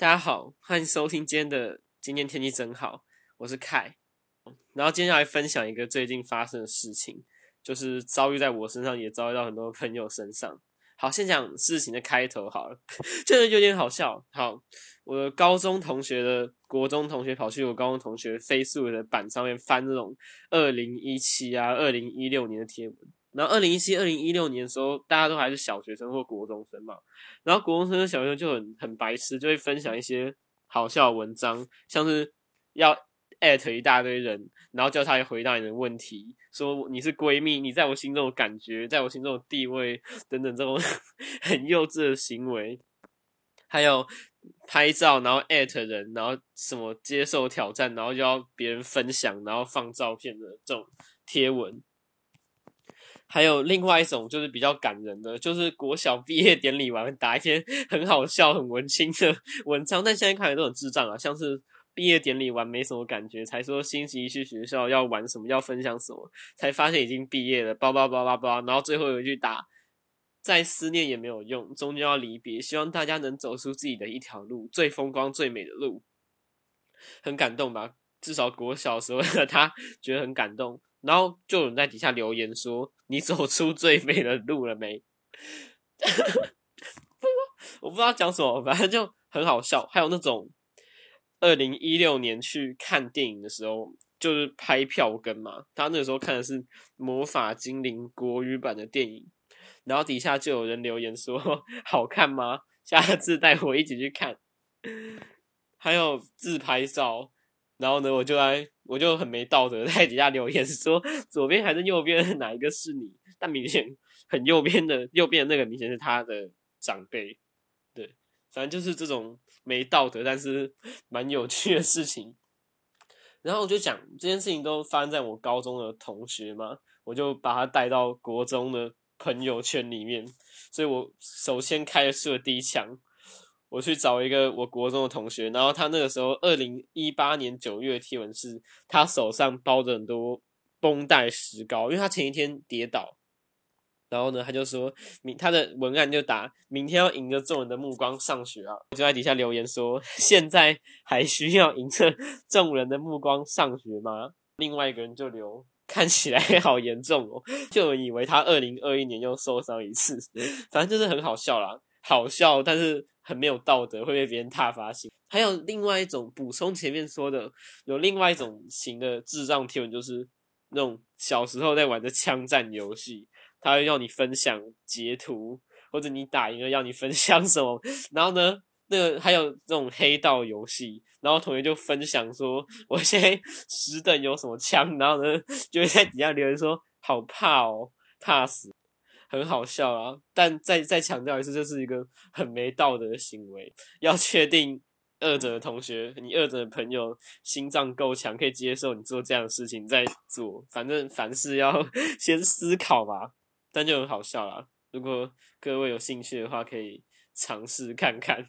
大家好，歡迎收聽今天的今天天氣真好，我是凱。然後接下來分享一個最近發生的事情，就是遭遇在我身上，也遭遇到很多朋友身上。好，先講事情的開頭好了，就 是有點好笑。好，我的高中同學的國中同學跑去我高中同學 Facebook 的板上面翻這種二零一七啊、二零一六年的貼文。然後二零一七、二零一六年的時候，大家都還是小學生或國中生嘛。然後國中生跟小學生就很很白痴，就會分享一些好笑的文章，像是要 at 一大堆人，然後叫他來回答你的問題，說你是閨蜜，你在我心中的感覺，在我心中的地位等等這種很幼稚的行為。還有拍照，然後 at 人，然後什麼接受挑戰，然後就要別人分享，然後放照片的這種貼文。還有另外一種就是比較感人的，就是國小畢業典禮完打一篇很好笑、很文青的文章，但現在看來都很智障啊，像是畢業典禮完沒什麼感覺，才說星期一去學校要玩什麼、要分享什麼，才發現已經畢業了，叭叭叭叭叭。然後最後有一句打：“再思念也沒有用，終究要離別。”希望大家能走出自己的一條路，最風光最美的路，很感動吧？至少國小時候的他覺得很感動。然後就有人在底下留言說：“你走出最美的路了沒？” 不，我不知道講什麼，反正就很好笑。還有那種二零一六年，去看電影的時候，就是拍票根嘛。他那個時候看的是《魔法精靈》國語版的電影，然後底下就有人留言說：“好看嗎？”下次帶我一起去看。還有自拍照。然後呢，我就來，我就很沒道德，在底下留言說左邊還是右邊，哪一個是你？但明顯很右邊的，右邊那個明顯是他的長輩，對，反正就是這種沒道德，但是蠻有趣的事情。然後我就想這件事情都發生在我高中的同學嘛，我就把他帶到國中的朋友圈裡面，所以我首先開了射第一槍。我去找一個我國中的同學，然後他那個時候二零一八年九月貼文是，他手上包着很多繃帶石膏，因為他前一天跌倒。然後呢，他就說，他的文案就打明天要迎着眾人的目光上學啊。我就在底下留言說，現在還需要迎着眾人的目光上學嗎？另外一個人就留看起來好嚴重哦，就以為他二零二一年又受傷一次，反正就是很好笑啦，好笑，但是。很沒有道德，會被別人撻伐型，還有另外一種補充前面說的，有另外一種型的智障貼文，就是那種小時候在玩的槍戰遊戲，他會要你分享截圖，或者你打贏了要你分享什麼。然後呢，那個還有這種黑道遊戲，然後同學就分享說我現在十等有什麼槍，然後呢就會在底下留言說好怕哦，怕死。很好笑啊！但再再強調一次，這是一個很沒道德的行為。要確定二者的同學，你二者的朋友心臟夠強，可以接受你做這樣的事情再做。反正凡事要 先思考吧。但就很好笑了。如果各位有興趣的話，可以嘗試看看。